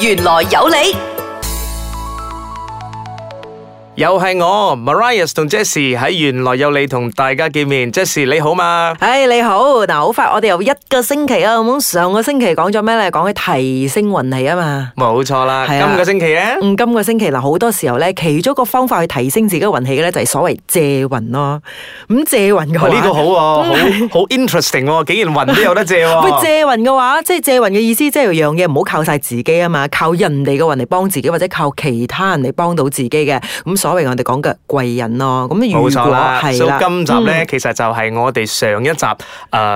玄來有理。又係我 Marius 同 Jessie 喺玄來有理同大家見面，Jessie 你好嘛？誒、hey, 你好，嗱好快我哋又一個星期好，上個星期講咗咩咧？講起提升運氣啊嘛，冇錯啦、啊今嗯，今個星期咧，今個星期嗱，好多時候咧，其中一個方法去提升自己運氣嘅咧，就係所謂借運咯。咁借運嘅話呢個好，啊、 好，好好 interesting，啊、竟然運都有得借。 不借運嘅話，即係借運嘅意思就是要，即係樣嘢唔好靠晒自己啊嘛，靠人哋嘅運嚟幫自己，或者靠其他人嚟幫到自己嘅，咁、嗯、所。所謂我哋講嘅貴人咯，咁如果冇錯啦係啦，今集咧，其實就係我哋上一集誒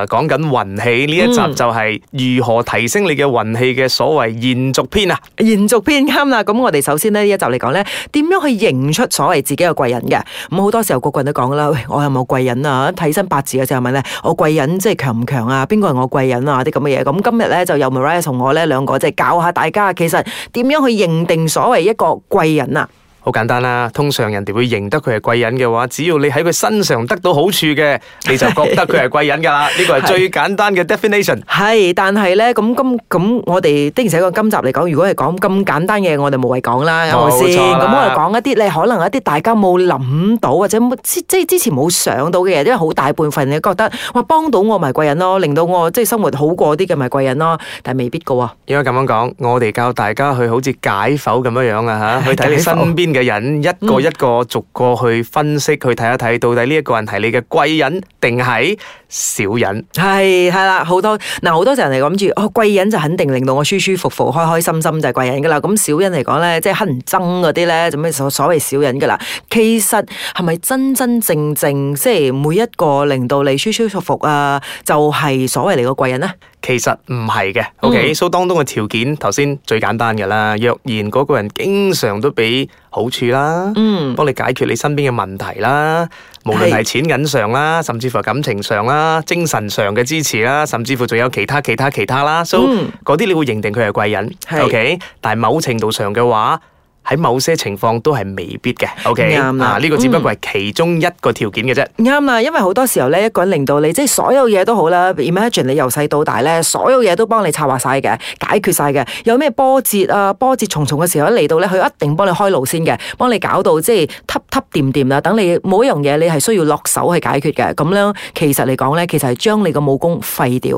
講緊運氣，呢一集就係如何提升你嘅運氣嘅所謂延續篇啊，延續篇啱啦。咁我哋首先咧呢一集嚟講咧，點樣去認出所謂自己嘅貴人嘅？咁好多時候個個人都講啦，喂，我有冇貴人啊？睇身八字嘅時候問咧，我貴人即係強唔強啊？邊個係我貴人啊？啲咁嘅嘢。咁今日咧就由 Maria 同我咧兩個即係教下大家，其實點樣去認定所謂一個貴人啊？好簡單啦，通常人哋會認得佢係貴人嘅話，只要你喺佢身上得到好處嘅，你就覺得佢係貴人噶啦。呢個係最簡單嘅 definition。係，但係咧咁今咁我哋的而且確今集嚟講，如果係講咁簡單嘅，我哋無謂講啦，有冇先？咁我哋講一啲你，可能一啲大家冇諗到或者即係之前冇想到嘅嘢，因為好大半份你覺得，哇幫到我咪貴人咯，令到我即係生活好過啲嘅咪貴人咯，但係未必噶喎。應該咁樣講，我哋教大家去好似解剖咁樣樣啊吓，去睇你身邊，嘅人一個一個逐個去分析，嗯、去睇一睇到底呢一個人係你嘅貴人定係小人？係係啦，好多嗱，好多人嚟諗住哦，貴人就肯定令到我舒舒服服、開開心心就係貴人噶啦。咁小人嚟講呢，即係乞人憎嗰啲呢，就咩所謂小人噶啦？其實係咪真真正正即係每一個令到你舒舒服服啊，就係、是、所謂你個貴人呢？其實唔係嘅，OK，So 當中嘅條件，頭先最簡單嘅啦。若然嗰個人經常都俾好處啦，嗯，幫你解決你身邊嘅問題啦，無論係錢銀上啦，是的 甚至乎係感情上啦，精神上嘅支持啦，甚至乎仲有其他其他其他啦，So 嗰啲，嗯、你會認定佢係貴人，OK，< 是的 S 1> 但某程度上嘅話。喺某些情況都係未必嘅，OK？啱啦吧，呢、啊、個只不過係其中一個條件嘅啫。啱啦，因為好多時候咧，一個人令到你，即係所有嘢都好啦。Imagine 你由細到大咧，所有嘢都幫你策劃晒嘅，解決晒嘅。有咩波折啊？波折重重嘅時候嚟到咧，佢一定幫你開路先嘅，幫你搞到即係揷揷掂掂啦，等你冇一樣嘢你係需要落手去解決嘅。咁樣其實嚟講咧，其實係將你個武功廢掉。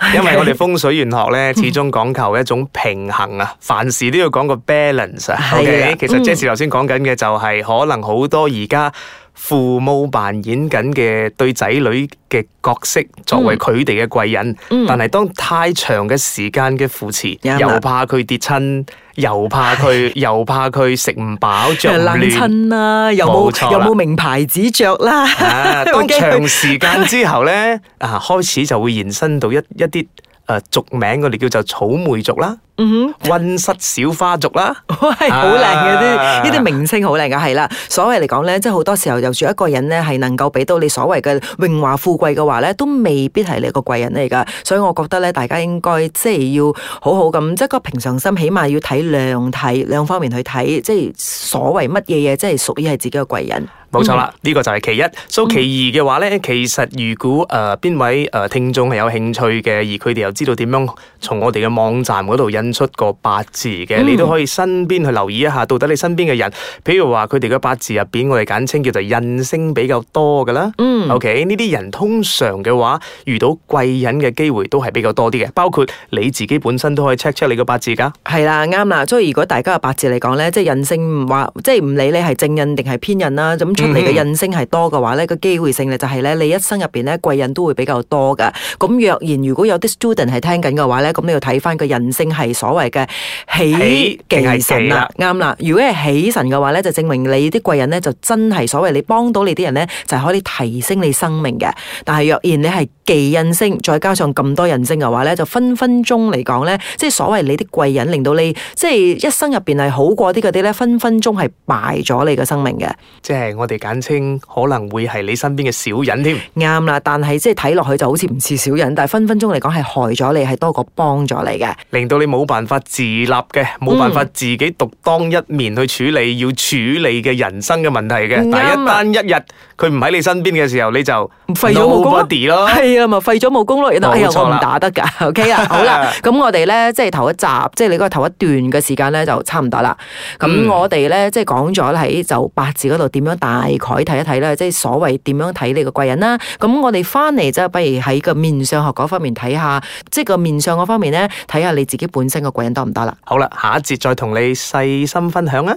Okay? 因為我哋風水玄學咧，始終講求一種平衡啊，嗯、凡事都要講個 balance 啊。其實 Jason 頭先講緊嘅就係可能好多而家父母扮演緊嘅對仔女嘅角色，作為佢哋嘅貴人。Mm. 但係當太長嘅時間嘅扶持，mm. 又怕佢跌親，又怕佢，又怕佢食唔飽著冷親啦，又冇又冇名牌子着啦。 啊，當長時間之後咧， 啊開始就會延伸到一一啲誒俗名，我哋叫做草莓族啦。溫、mm hmm. 室小花族啦，好靚嘅啲呢啲明星好靚噶，係啦、啊。所謂嚟講咧，即係好多時候，由住一個人咧係能夠俾到你所謂嘅榮華富貴嘅話咧，都未必係你個貴人嚟噶。所以我覺得咧，大家應該即係要好好咁，即係個平常心起，起碼要睇兩睇兩方面去睇，即係所謂乜嘢嘢，即係屬於係自己嘅貴人。冇錯啦，呢、mm hmm. 個就係其一。所以其二嘅話咧，mm hmm. 其實如果誒邊、呃、位誒聽眾係有興趣嘅，而佢哋又知道點樣從我哋嘅網站嗰度引。出個八字嘅，嗯、你都可以身邊去留意一下，到底你身邊嘅人，譬如話佢哋嘅八字入邊，我哋簡稱叫做印星比較多噶啦。嗯，OK，呢啲人通常嘅話，遇到貴人嘅機會都係比較多啲嘅。包括你自己本身都可以 check check 你個八字噶。係啦，啱啦。所以如果大家嘅八字嚟講咧，即係印星唔話即係唔理你係正印定係偏印啦，咁出嚟嘅印星係多嘅話咧，嗯、個機會性咧就係咧你一生入邊咧貴人都會比較多噶。咁若然如果有啲 student 係聽緊嘅話咧，咁你要睇翻個印星係所謂嘅喜忌神啦，啱啦。如果係喜神嘅話咧，就證明你啲貴人咧，就真係所謂你幫到你啲人咧，就係可以提升你生命嘅。但係若然你係，忌印星，再加上咁多人星嘅話咧，就分分鐘嚟講咧，即係所謂你啲貴人，令到你即係一生入邊係好過啲嗰啲咧，分分鐘係敗咗你嘅生命嘅。即係我哋簡稱可能會係你身邊嘅小人添。啱啦，但係即係睇落去就好似唔似小人，但係分分鐘嚟講係害咗你，係多過幫咗你嘅，令到你冇辦法自立嘅，冇辦法自己獨當一面去處理要處理嘅人生嘅問題嘅。但係、嗯、一單一日佢唔喺你身邊嘅時候，你就廢咗冇咯。咁廢咗冇功咯。哎，我唔打得噶 ，OK 好啦，咁 我哋咧，即係頭一集，即係你嗰個頭一段嘅時間咧，就差唔多啦。咁、嗯、我哋咧，即係講咗喺就八字嗰度點樣大概睇一睇咧，即係所謂點樣睇你個貴人啦。咁我哋翻嚟即係不如喺個面相學嗰方面睇下，即係個面相嗰方面咧，睇下你自己本身個貴人多唔多啦。好啦，下一節再同你細心分享啦。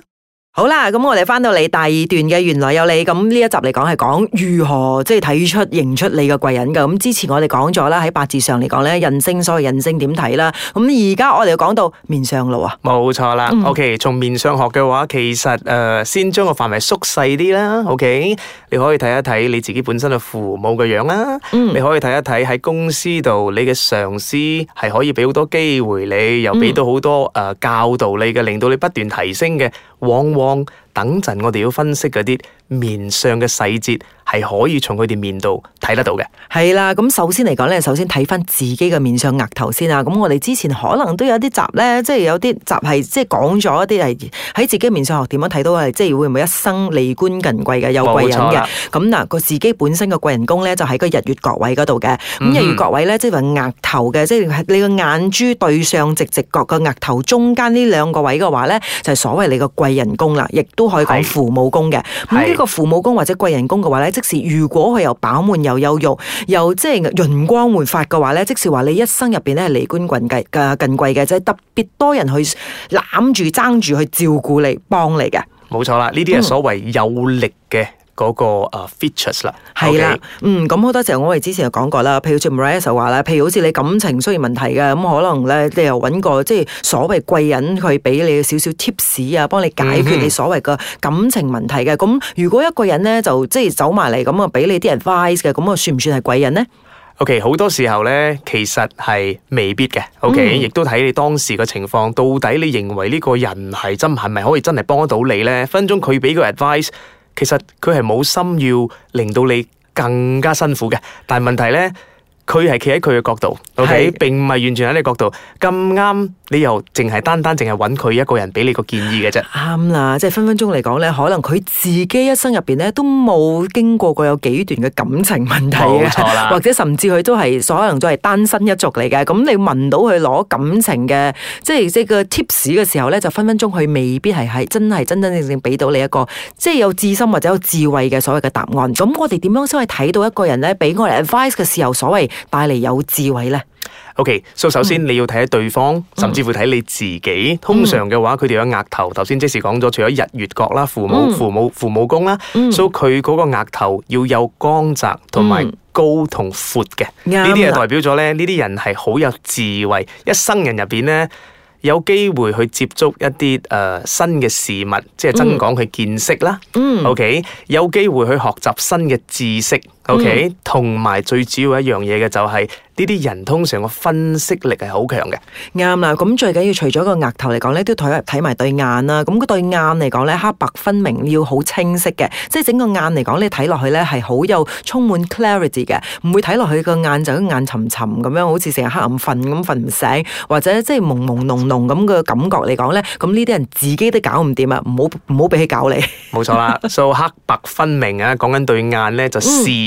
好啦，咁我哋返到嚟第二段嘅玄來有理，咁呢一集嚟講係講如何即係睇出、認出你嘅貴人㗎。咁之前我哋講咗啦，喺八字上嚟講咧，人星所謂人星點睇啦。咁而家我哋講到面相咯啊，冇錯啦。OK，從面相學嘅話，其實誒、呃、先將個範圍縮細啲啦。OK，你可以睇一睇你自己本身嘅父母嘅樣啦。嗯、你可以睇一睇喺公司度你嘅上司係可以俾好多機會你，又俾到好多誒、嗯呃、教導你嘅，令到你不斷提升嘅往往。等陣，我哋要分析嗰啲面相嘅細節。係可以從佢哋面度睇得到嘅。係啦，咁首先嚟講咧，首先睇翻自己嘅面相額頭先啊。咁我哋之前可能都有啲集咧，即係有啲集係即係講咗一啲係喺自己面相學點樣睇到係即係會唔會一生利官近貴嘅有貴人嘅。咁嗱，佢自己本身嘅貴人宮咧就喺個日月角位嗰度嘅。咁、嗯、日月角位咧即係話額頭嘅，即係你個眼珠對上直直角個額頭中間呢兩個位嘅話咧，就係、是、所謂你個貴人宮啦，亦都可以講父母宮嘅。咁呢是個父母宮或者貴人宮嘅話咧，是如果佢又飽滿又有肉又即係潤光煥發嘅話咧，即使話你一生入邊咧係離官貴嘅近貴嘅，即係特別多人去攬住爭住去照顧你、幫你嘅，冇錯啦。呢啲係所謂有力嘅。嗯嗰個誒 features 啦，係啦，嗯，咁好多時候我哋之前就講過啦。譬如 James 就話啦，譬如好似你感情出現問題嘅咁，可能咧即係你又搵個即係所謂貴人去俾你少少 tips 啊，幫你解決你所謂嘅感情問題嘅。咁如果一個人咧就即係走埋嚟咁啊，俾你啲 advice 嘅，咁啊，算唔算係貴人咧？OK，好多時候咧其實係未必嘅。OK，亦都睇你當時嘅情況到底你認為呢個人係真係咪可以真係幫得到你咧？分分鐘佢俾個 advice。其實佢係冇心要令到你更加辛苦嘅，但係問題咧。佢係企喺佢嘅角度，OK，是並唔係完全喺你角度咁啱。你又淨係單單淨係揾佢一個人俾你個建議嘅啫。啱啦，即係分分鐘嚟講咧，可能佢自己一生入邊咧都冇經過過有幾段嘅感情問題嘅，冇錯啦。或者甚至佢都係可能都係單身一族嚟嘅。咁你問到佢攞感情嘅，即係即係個 tips 嘅時候咧，就分分鐘佢未必係係真係真真正正俾到你一個即係、就是、有智心或者有智慧嘅所謂嘅答案。咁我哋點樣先可以睇到一個人咧俾我哋 advice 嘅時候，所謂？帶嚟有智慧呢。OK，so、okay, 首先你要睇下對方，嗯、甚至乎睇你自己。通常嘅話，佢哋嘅額頭，頭先即時講咗，除咗日月角啦、父母，嗯、父母、父母、父母宮啦，嗯、所以佢嗰個額頭要有光澤同埋高同闊嘅。呢啲係代表咗咧，呢啲人係好有智慧，一生人入邊呢，有機會去接觸一啲誒、呃、新嘅事物，即係增廣佢見識啦。嗯嗯、o、okay? k 有機會去學習新嘅知識。OK，同埋、嗯、最主要一樣嘢嘅就係呢啲人通常個分析力係好強嘅。啱啦，咁最緊要除咗個額頭嚟講咧，都要睇埋對眼啦。咁嗰對眼嚟講咧，黑白分明要好清晰嘅，即係整個眼嚟講你睇落去咧係好有充滿 clarity 嘅，唔會睇落去個眼就啲眼沉沉咁樣，好似成日黑暗瞓咁瞓唔醒，或者即係朦朦朧朧咁嘅感覺嚟講咧，咁呢啲人自己都搞唔掂啊，唔好唔好俾佢搞你。冇錯啦，數、 so, 黑白分明啊，講緊對眼咧就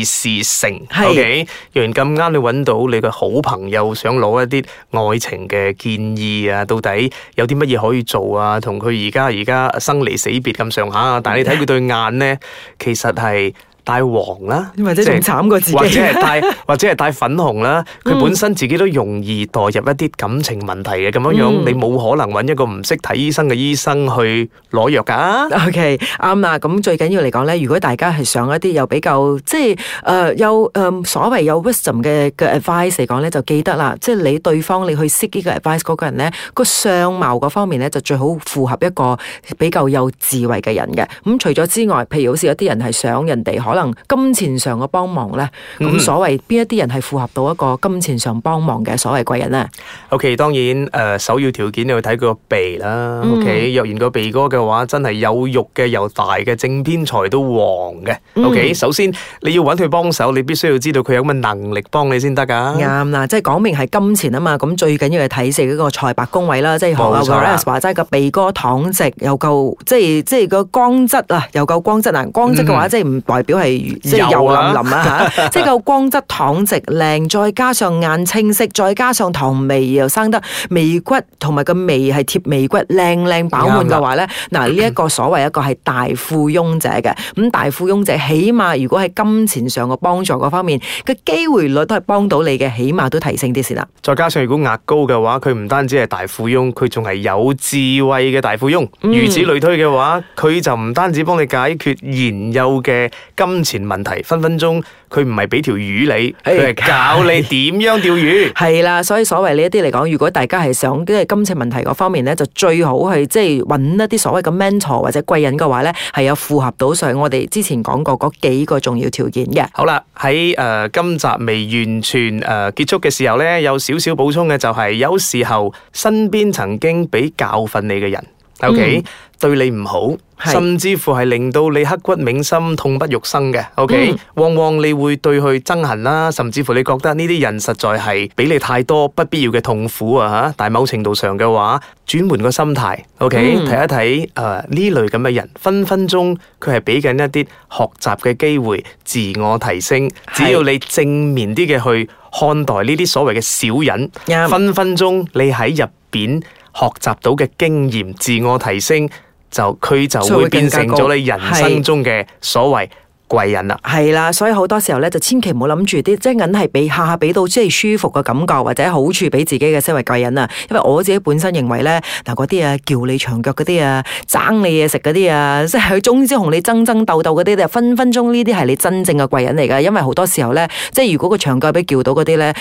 事成是，OK。若然咁啱你揾到你嘅好朋友，想攞一啲愛情嘅建議啊，到底有啲乜嘢可以做啊？同佢而家而家生離死別咁上下啊，但係你睇佢對眼咧，其實係。戴黃啦、啊，或者仲慘過自己，或者係戴 或者係戴粉紅啦、啊。佢本身自己都容易代入一啲感情問題嘅咁、嗯、樣樣，你冇可能揾一個唔識睇醫生嘅醫生去攞藥㗎、啊。OK，啱啦。咁最緊要嚟講咧，如果大家係上一啲又比較即係誒有誒、呃、所謂有 wisdom 嘅嘅 advice 嚟講咧，就記得啦。即、就、係、是、你對方你去 seek 呢個 advice 嗰、那個人咧，個相貌嗰方面咧就最好符合一個比較有智慧嘅人嘅。咁、嗯、除咗之外，譬如好似有啲人係想人哋可能金錢上嘅幫忙咧，咁所謂邊一啲人係符合到一個金錢上幫忙嘅所謂貴人咧？O K，當然誒、呃，首要條件你就睇佢個鼻啦。嗯、OK，若然個鼻哥嘅話，真係有肉嘅又大嘅，正偏財都旺嘅。OK？、嗯、首先你要揾佢幫手，你必須要知道佢有乜能力幫你先得㗎。啱啦，即係講明係金錢啊嘛。咁最緊要係睇成嗰個財帛宮位啦，即係何亞華話齋個鼻哥躺直又夠，即係即係個光質啊，又夠光質啊。光質嘅話，即係唔代表係。係即係油淋淋啊吓，即係個光質躺直靚，再加上眼清晰，再加上糖眉又生得眉骨同埋個眉係貼眉骨靚靚飽滿嘅話咧，嗱，呢一個所謂一個係大富翁者嘅。咁大富翁者起碼如果喺金錢上嘅幫助嗰方面，個機會率都係幫到你嘅，起碼都提升啲先啦。再加上如果額高嘅話，佢唔單止係大富翁，佢仲係有智慧嘅大富翁，如此類推嘅話，佢就唔單止幫你解決現有嘅金。金錢問題分分鐘，佢唔係俾條魚你，佢係教你點樣釣魚。係啦，所以所謂呢一啲嚟講，如果大家係想即係金錢問題嗰方面呢，就最好係即係揾一啲所謂嘅 mentor 或者貴人嘅話呢，係有符合到上我哋之前講過嗰幾個重要條件嘅。好啦，喺誒今集未完全誒結束嘅時候呢，有少少補充嘅就係有時候身邊曾經俾教訓你嘅人。OK，、嗯、對你唔好，是甚至乎係令到你刻骨銘心、痛不欲生嘅。OK，、嗯、往往你會對佢憎恨啦，甚至乎你覺得呢啲人實在係俾你太多不必要嘅痛苦啊吓。但係某程度上嘅話，轉換個心態，O K，睇一睇誒呢類咁嘅人，分分鐘佢係俾緊一啲學習嘅機會，自我提升。是只要你正面啲嘅去看待呢啲所謂嘅小人，嗯、分分鐘你喺入邊。學習到嘅經驗，自我提升，就佢就會變成咗你人生中嘅所謂貴人啦。係啦，所以好多時候咧，就千祈唔好諗住啲即係銀係俾下下俾到即係舒服嘅感覺或者好處俾自己嘅身為貴人啊。因為我自己本身認為咧，嗱嗰啲啊叫你長腳嗰啲啊爭你嘢食嗰啲啊，即係佢總之同你爭爭鬥鬥嗰啲咧，分分鐘呢啲係你真正嘅貴人嚟噶。因為好多時候咧，即係如果個長腳俾叫到嗰啲咧。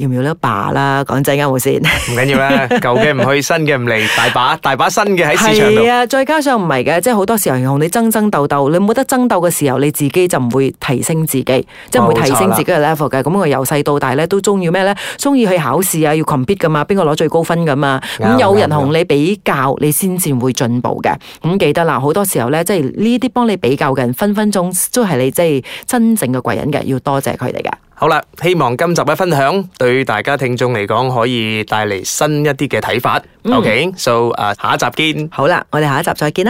要唔要呢？罷啦，講真啱唔先？唔緊要啦，舊嘅唔去，新嘅唔嚟，大把大把新嘅喺市場度啊！再加上唔係嘅，即係好多時候同你爭爭鬥鬥，你冇得爭鬥嘅時候，你自己就唔會提升自己，哦、即係唔會提升自己嘅 level 嘅。咁我由細到大咧都中意咩咧？中意去考試啊，要 compete 噶嘛，邊個攞最高分噶嘛？咁有人同你比較，你先至會進步嘅。咁、嗯、記得啦好多時候咧，即係呢啲幫你比較嘅人，分分鐘都係你即係真正嘅貴人嘅，要多謝佢哋嘅。好啦，希望今集嘅分享對大家聽眾嚟講，可以帶嚟新一啲嘅睇法。OK、嗯，so 哎，下一集見。好啦，我哋下一集再見啦。